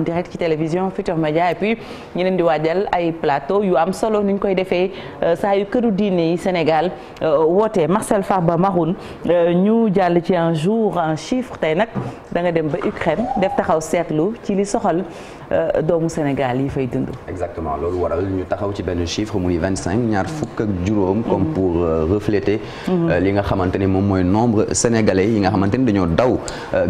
en direct ci télévision Futur Média et puis ñu di waajal ay plateau yu am solo ni ñu koy defee euh, saa yu këru diine yi Sénégal euh, woote Marcel Farba Maroun euh, ñu jàll ci un jour un chiffre tey nag da nga dem ba Ukraine def taxaw seetlu ci li soxal doomu Sénégal yi fay dund. exactement loolu waral ñu taxaw ci benn chiffre mu vingt cinq ñaar fukk ak juróom. comme mm-hmm. pour refléter. Mm-hmm. li nga xamante moom mooy nombre sénégalais yi nga xamante ne dañoo daw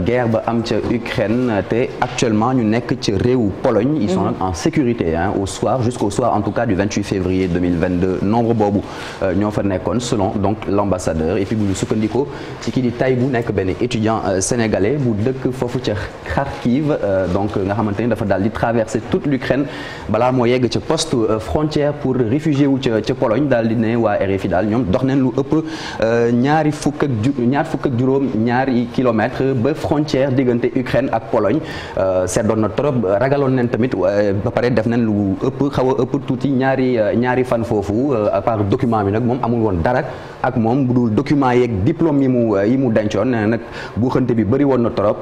guerre ba am ca Ukraine te actuellement ca réewu Pologne ils sont nag mhm. en sécurité hein, au soir jusqu'au soir en tout cas du 28 février 2022 nombre boobu euh, ñoo fa nekkoon selon donc l'ambassadeur et puis bu ñu sukkandikoo ci kii di tay bu nekk benn étudiant euh, sénégalais bu dëkk foofu ca Kharkiv euh, donc nga xamante ni dafa daal di traverser toute l'Ukraine balaa moo yegg ca poste frontière pour réfugié wu ca ca Pologne daal di ne waa RFI daal ñoom dox nañ lu ëpp ñaari fukk ak ñaar fukk ak juróom ñaari kilomètres ba frontière diggante Ukraine ak Pologne seddoon na trop Europe ragaloon nañ tamit euh, ba def nañ lu ëpp xaw a ëpp tuuti ñaari euh, fan foofu euh, à document bi nag moom amul woon dara ak moom bu dul document yeeg diplôme yi mu yi mu dencoon nag bu xënte bi bëri woon na trop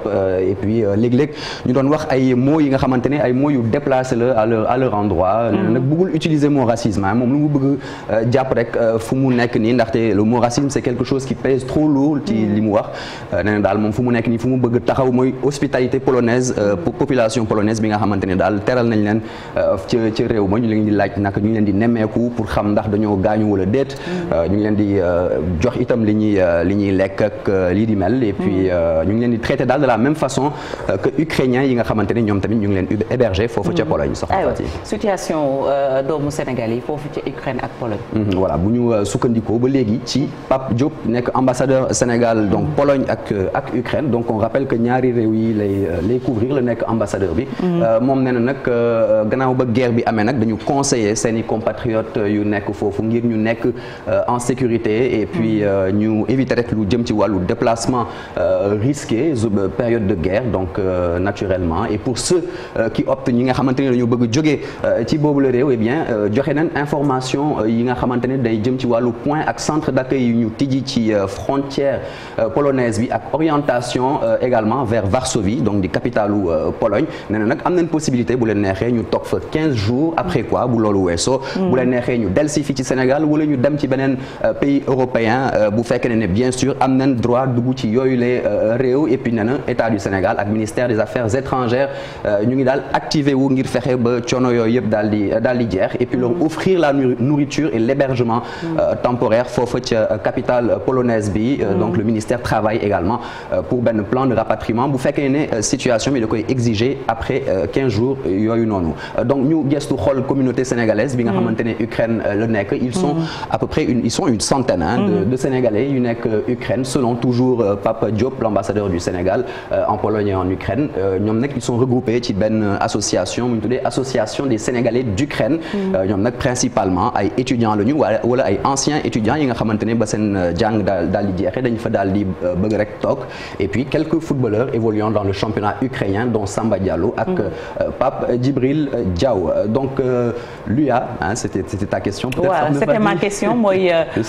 et puis léeg-léeg ñu doon wax ay mots yi nga xamante ne ay mots yu déplacé la à leur à leur endroit. Mm. nag bëggul utiliser mot racisme ah moom lu mu bëgg jàpp rek fu mu nekk nii ndaxte le mot racisme c'est quelque chose qui pèse trop lourd ci mm. li mu wax nee na daal moom polonaise bi nga xamante ne daal teral nañ leen euh, ca ca réew ma ñu leen di laaj naka ñu ngi leen di nemmeeku pour xam ndax dañoo gaañu wala déet mm. euh, ñu ngi leen di euh, jox itam li ñuy li ñuy lekk ak lii di mel et puis mm. ñu ngi leen di traité daal de la même façon que ukrainien yi nga xamante ne ñoom tamit ñu ngi leen hébergé foofu ca mm. Pologne soxna Fati situation doomu Sénégal yi foofu ca Ukraine ak Pologne mm-hmm. voilà bu ñu sukkandikoo ba léegi ci Pape Diop nekk ambassadeur Sénégal donc Pologne ak ak Ukraine donc on rappelle que ñaari réew yi lay lay couvrir la nekk ambassadeur bi Euh, moom nee na nag euh, gannaaw ba guerre bi amee nag dañu conseiller seeni compatriotes euh, yu nekk foofu ngir ñu nekk en sécurité et puis mm. ñu éviter rek lu jëm ci wàllu déplacement risqué période de guerre donc naturellement et pour ceux qui optent ñi nga xamante ne dañu bëgg jógee ci boobu la réew eh bien joxe nañ information yi nga xamante ne day jëm ci wàllu point ak centre d'accueil yu ñu tijji ci frontière polonaise bi ak orientation également vers Varsovie donc di capitalu Pologne ne nag am nañ possibilité bu leen neexee ñu toog fa 15 jours après quoi bu loolu weesoo. bu leen neexee ñu delsi fii ci Sénégal wala ñu dem ci beneen euh, pays européen euh, bu fekkee ne bien sûr am nañ droit dugg ci yooyu les euh, réew et puis nee na état du Sénégal ak ministère des affaires étrangères ñu ngi daal activé wu ngir fexe ba coono yooyu yëpp daal di daal di jeex et puis leur mm. offrir la nourriture et l'hébergement mm. temporaire foofa ca capitale polonaise bi mm. donc le ministère travaille également pour benn plan de rapatriement bu fekkee ne situation bi da koy exiger après 15 euh, jours euh, yooyu noonu euh, donc ñu gestu xool communauté sénégalaise bi nga mm. xamante ne Ukraine la nekk ils sont mm. à peu une centaine mm. de, Sénégalais yu nekk Ukraine selon toujours Pape Diop l'ambassadeur du Sénégal en Pologne et en Ukraine ñoom nag ils sont regroupés ci benn association bu ñu tuddee association des Sénégalais d'Ukraine ñoom nag principalement ay étudiants la ñu wala ay anciens étudiants yi nga xamante ne ba seen jàng daal daal di jeexee dañ di bëgg rek toog et puis quelques loolu ak mm-hmm. euh, Pape Djibril Diaw donc euh, l'UA ah c'était c'était ta question. peut-être voilà, c'était ma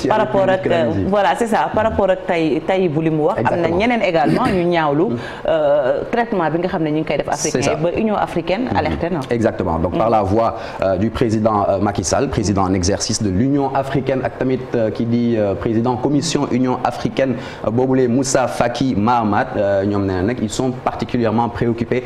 par rapport ak voilà am na également ñu ñaawlu mm-hmm. euh, traitement bi nga xam ne ñu ngi koy def. africain ba Union africaine mm-hmm. alerté na. exactement donc par la voix du président Macky Sall président en exercice de l'Union africaine ak tamit ki di président commission Union africaine boobule Moussa Faki Mahamat ñoom ils sont particulièrement préoccupés.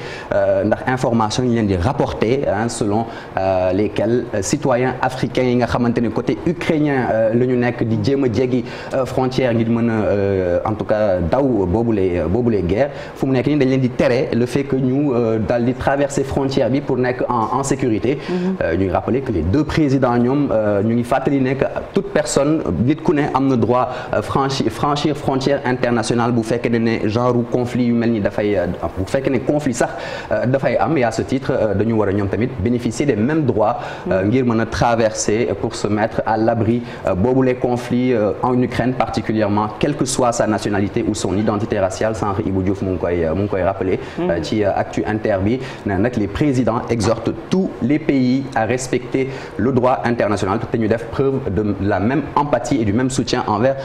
Euh, ndax information yi leen di rapporter selon euh, lesquels euh, citoyens africains yi nga xamante ni côté ukrainien la ñu nekk di jéem a jéggi frontière ngir mën a en tout cas daw boobule boobule guerre fu mu nekk nii dañ leen di tere le fait que ñu daal di traverser frontière bi pour nekk en sécurité mm-hmm. ñuy rappeler que les deux présidents ñoom ñu ngi fàttali nekk toute personne nit ku ne am na droit franchir franchir internationale bu fekkee ne genre conflit yu mel ni dafay bu fekkee ne conflit sax dafay am et à ce titre euh, dañu war a ñoom tamit bénéficier des mêmes droits euh, mm-hmm. ngir mën a traverser pour se mettre à l'abri euh, boobu les conflits en Ukraine particulièrement quelle que soit sa nationalité ou son identité raciale sànq Ibou Diouf mu rappelé mm-hmm. ci actu inter bi na nag les présidents exhortent tous les pays à respecter le droit international def de la même empathie et du même soutien envers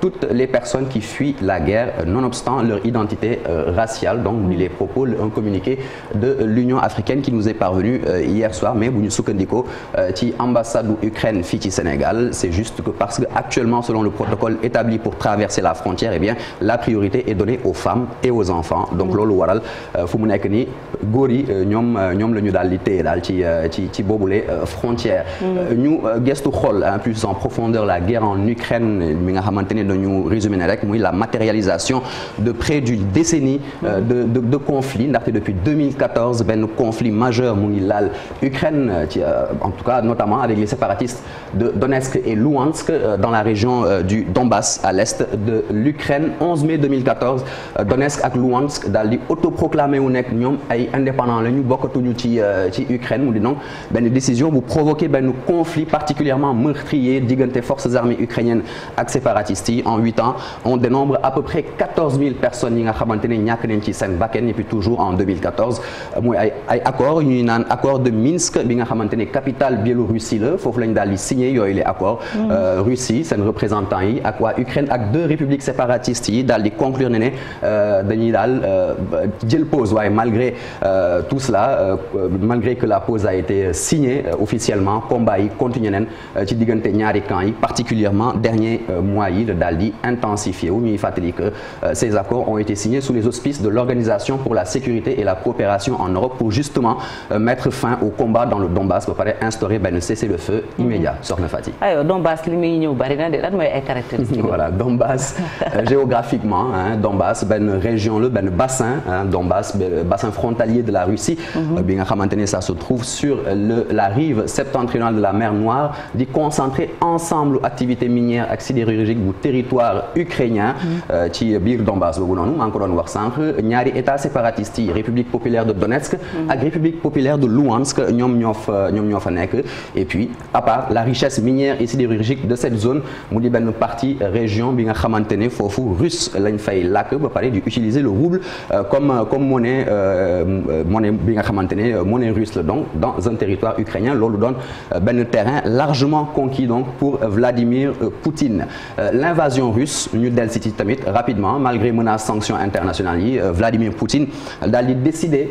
toutes les personnes qui fuient la guerre nonobstant leur identité raciale donc mm-hmm. il propos un communiqué de l'Union africaine qui nous est parvenue euh, hier soir mais bu ñu sukkandikoo euh, ci ambassade Ukraine fii Sénégal c'est juste que parce que actuellement selon le protocole établi pour traverser la frontière eh la priorité est donnée aux femmes et aux enfants donc loolu waral euh, fu mu nekk ni góor yi ñoom ñoom la ñu daal di téye daal ci ci ci boobule frontière mm. ñu gestu xool plus en profondeur la guerre en Ukraine mi nga xamante ne dañu résumé ne rek la matérialisation de près d'une mm. 2014 benn conflit majeur mu ngi laal Ukraine ci euh, euh, en tout cas notamment avec les séparatistes de Donetsk et Louhansk euh, dans la région du Donbass à l'est de l'Ukraine 11 mai 2014 Donetsk ak Louhansk daal di autoproclamé wu nekk ñoom ay indépendant la ñu bokkatuñu ci ci Ukraine mu di donc benn décision bu provoqué benn conflit particulièrement meurtrier diggante forces armées ukrainiennes ak séparatistes yi en huit ans on dénombre à peu près personnes yi nga xamante ne ñàkk nañ ci seen et puis toujours en mooy ay ay ñuy naan accord de Minsk bi nga xamante ne capitale Biélorussie la foofu lañ daal di signé yooyu les accords mm. euh, Russie seen représentant yi ak waa Ukraine ak deux républiques séparatistes yi daal di conclure ne ne euh, dañuy daal euh, jël pause waaye malgré tout cela malgré que la pause a été signée officiellement combat yi continué nen ci diggante ñaari camps yi particulièrement dernier mois yi la daal di intensifié wu ñuy fàttali que ces accords ont été signés sous les auspices de la sécurité opération en Europe pour justement euh, mettre fin au combat dans le Donbass ba pare instaurer benn cessez-le-feu mhm. immédiat soxna Fatick. aywa de euh, géographiquement hein Donbass région la benn bassin hein Donbass euh, bassin frontalier de la Russie. Mhm. bi nga xamante se trouve sur la rive septentrionale de la mer Noire di concentrer ensemble activité minière ak sidérurgique bu territoire ukrainien. Mhm. ci biir Donbass boobu noonu maa ngi ko doon wax état séparatiste yi république populaire. populaire de Donetsk ak république populaire de Louhansk ñoom ñoo fa ñoom ñoo fa nekk et puis à part la richesse minière et sidérurgique de cette zone mu di benn partie région bi nga xamante ne foofu russe lañ fay làkk ba pare di utiliser le rouble euh, comme comme monnaie euh, monnaie bi nga xamante ne euh, monnaie russe la donc dans un territoire ukrainien loolu doon benn terrain largement conquis donc pour Vladimir Poutine l'invasion russe ñu dellu si tamit rapidement malgré menaces sanctions internationales yi Vladimir Poutine daal di décider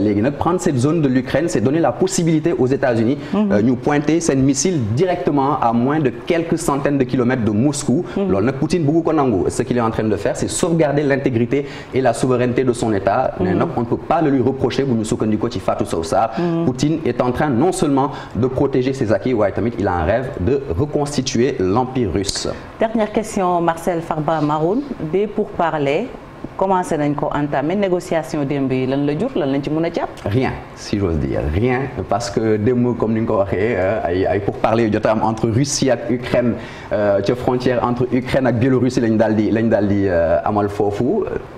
léegi nag prendre cette zone de l'Ukraine c'est donner la possibilité aux États-Unis mhm. euh, ñu pointer seen de quelques centaines de mhm. Poutine bëgg ko nangu ce qu'il est en train de faire c'est sauvegarder l'intégrité et la souveraineté de son État mhm. non seulement de protéger ses acquis waaye tamit il a un rêve de reconstituer l'empire russe Dernière question Marcel Farba Maroun des pourparlers commencé nañ ko entamé négociation démb yi lan la jur lan lañ ci mën a jàpp. rien si j'ose dire rien parce que démb comme ni nga ko waxee euh, ay ay pourparlers yu jot am entre Russie ak Ukraine euh, ca frontière entre Ukraine ak Biélorussie lañ daal di lañ daal di euh, amal foofu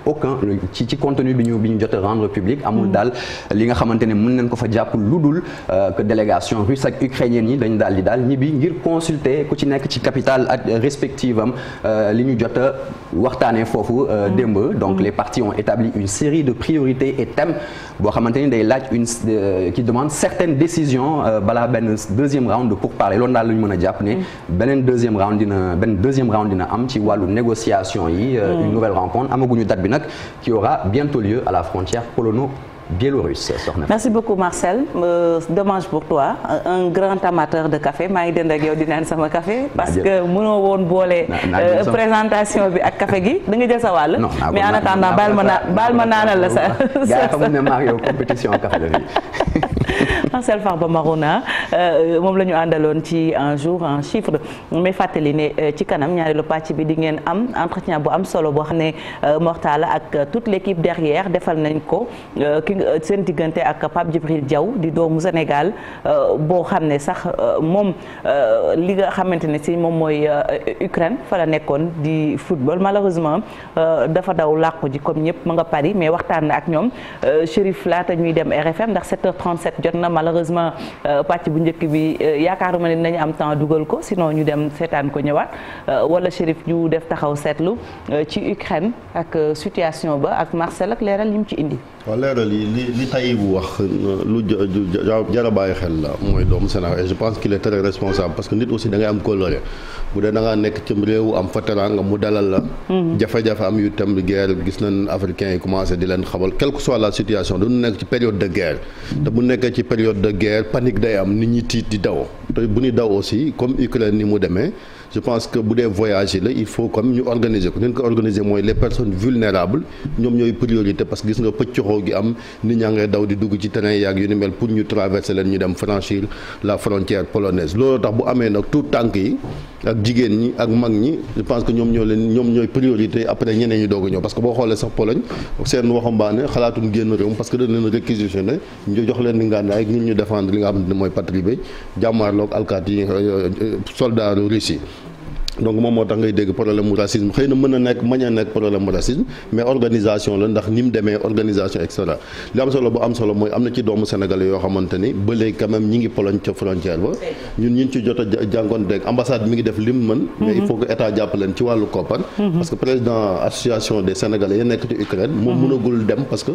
aucun ci ci contenu bi ñu bi ñu jot a rendre public. amul mm. daal li nga xamante ne mën nañ ko fa jàpp lu dul que délégation russe ak ukrainienne yi dañ daal di daal ñibbi ngir consulter ku ci nekk ci capital ak respective am li ñu jot a waxtaanee foofu mm. démb donc. donc les partis ont établi une série de priorités et thèmes boo xamante ni day laaj une euh, qui demande certaines décisions euh, balaa benn deuxième round pour parler loolu daal la ñu mën a jàpp ne mm. beneen deuxième round dina benn deuxième dina am ci wàllu négociation yi euh, mm. une nouvelle rencontre amaguñu date bi nag qui aura bientôt lieu à la frontière polono biélorusse soxna merci beaucoup Marcel euh, dommage pour toi un grand amateur de kafe maa ngi dënd ak yow di naan sama kafe parce que mënoo woon boole euh, présentation bi ak kafe gi da nga jël sa wàll mais en attendant baal ma naa baal ma naanal la sa gaa xamul ne maa yow compétition café la fii Marcel Farba Marouna euh, moom la ñu àndaloon ci un jour un chiffre mais fàttali ne euh, ci kanam ñaareelu pàcc bi di ngeen am entretien bu am solo boo xam ne euh, Mortala ak toute l'équipe derrière defal nañ ko ki seen diggante ak Pape Djibril Diaw di doomu Sénégal boo xam ne sax moom li nga xamante ne si moom mooy Ukraine fa la nekkoon di football malheureusement dafa daw làqu ji comme ñëpp ma nga Paris mais waxtaan na ak ñoom Chérif laata ñuy dem RFM ndax 7 h malheureusement euh, pàcc bu njëkk bi euh, yaakaaruma ne nañu am temps dugal ko sinon ñu dem seetaan ko ñëwaat euh, wala Chérif ñu def taxaw seetlu ci Ukraine ak situation ba ak Marcel ak leeral li ci indi. waaw leeral yi li li tey wax euh, lu xel la mooy doomu Sénégal et je pense qu'il est très responsable parce que nit aussi da ngay am kóllëre bu dee da ngaa nekk cim réew am fa teraanga mu dalal la mm-hmm. jafe-jafe am yu tam guerre gis nañ africains yi commencé di leen xamal quelle que soit la situation dañu nekk ci période de guerre mm-hmm. te bu nekkee ci période de guerre panique day am nit ñi tiit di daw te bu ñu daw aussi comme Ukraine ni mu demee je pense que bu dee voyage la il faut comme ñu organiser ko neen ko organiser mooy les personnes vulnérables ñoom ñooy priorité parce que gis nga pëccoxoo gi am nit ñaa ngay daw di dugg ci terrain yaag yu ni mel pour ñu traverser leen ñu dem franchir la frontière polonaise loolu tax bu amee nag tout tànk yi ak jigéen ñi ak mag ñi je pense que ñoom ñoo leen ñoom ñooy priorité après ñeneen ñu doog a ñëw parce que boo xoolee sax Pologne seen waxambaane xalaatuñ génn réew parce que dañ leen réquisitionné ñu jox leen donc moom moo tax ngay dégg problème racisme xëy na mën na nekk mañ a nekk problème racisme mais organisation la ndax ni mu demee organisation et li am solo bu am solo mooy am na ci doomu sénégalais yoo xamante ni ba ñi ngi Pologne ca frontière ba ñun ñun ci jot a jàngoon dégg ambassade mi ngi def lim mën mais il faut que état jàpp ci wàllu koppar parce que président association des sénégalais yi nekk ci Ukraine moom mënagul dem parce que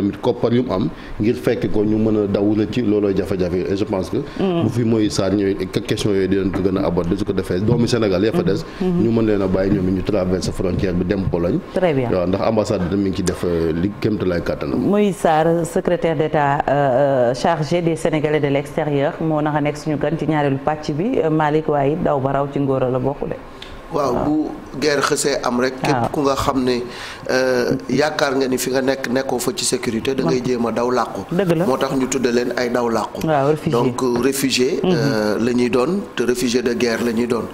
dafa yu mu am ngir fekk ko ñu mën a daw ci loolooy jafe-jafe je pense que mm. bu fi mooy Sarr ñëwee question yooyu dinañ ko gën a aborder su ko defee doomi Sénégal ya fa des mm-hmm. Mm-hmm. ñu mën leen a bàyyi ñoom ñu traverse frontière bi dem Pologne waaw ndax ambassade da mi ngi ci def euh, li kémta lay kàttanam Moïse Sarr secrétaire d'État euh, euh, chargé des Sénégalais de l'extérieur moo naxa nekk suñu gan ci ñaareelu pàcc bi Malick waaye daw baraw ci ngóor la bokku de waaw bu guerre xësee am rek. képp ku nga xam ne euh, yaakaar nga ni fi nga nekk nekkoo fa ci sécurité dangay ngay jéem a daw làqu. moo tax ñu tudde leen ay daw làqu. donc euh, réfugié. Mhm. Euh, la ñuy doon te réfugié de guerre la ñuy doon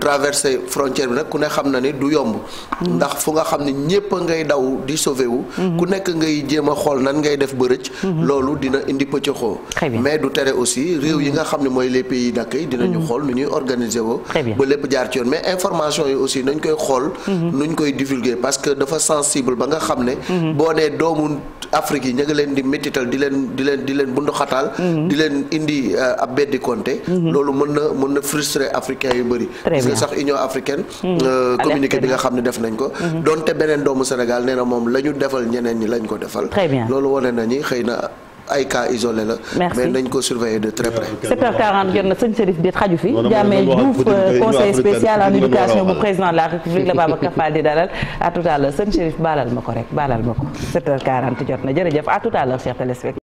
traversé frontière bi nag ku ne xam na ne du yomb. Mhm. ndax fu nga xam ne ñëpp a ngay daw di sauvé wu. Mhm. ku nekk ngay xool nan ngay def ba rëcc. loolu dina indi pëccëxoo. mais du tere aussi réew xool nu ñuy organiser ba lépp jaar ci yoon mais information yi aussi nañ koy xool. nuñ koy divulguer parce que dafa sensible ba nga xam ne. boo nee doomu Afrique yi ña nga leen di métital di leen di leen di leen bunduxataal. di leen indi euh, ab beddi compté. loolu mën na mën na frustré africain yu bëri. parce que sax Union africaine. Hmm. Euh, communiqué bi nga xam ne def nañ ko. Hmm. donte beneen doomu Sénégal nee na moom lañu ñu defal ñeneen ñi lañ ko defal. loolu wane na xëy na. ay cas isolé la. mais nañ ko surveiller de très près. 7 h jot na sëñ Serif Bi xaju fi. Diamé Diouf conseiller spécial en éducation bu président de la république la Babacar Fall di dalal à tout à l'heure sëñ Serif baalal ma ko rek baalal ma ko 7 h jot na jërëjëf à tout à l'heure chers téléspectateurs